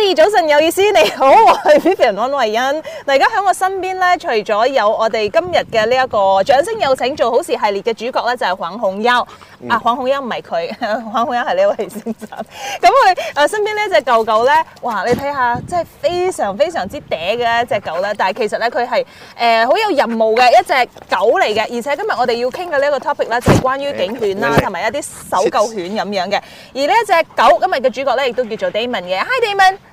二早晨有意思，你好，我係 Vivian 安慧欣。嗱，而家喺我身邊咧，除咗有我哋今日嘅呢一個掌聲有請做好事系列嘅主角咧，就係、是、黃弘耀。嗯、啊，黃弘耀唔係佢，黃弘耀係呢位先生。咁佢誒身邊呢一隻狗狗咧，哇！你睇下，即係非常非常之嗲嘅一隻狗啦。但係其實咧，佢係誒好有任務嘅一隻狗嚟嘅。而且今日我哋要傾嘅呢一個 topic 咧，就係、是、關於警犬啦，同埋一啲搜救犬咁樣嘅。而呢一隻狗今日嘅主角咧，亦都叫做 Damon 嘅。Hi, Damon。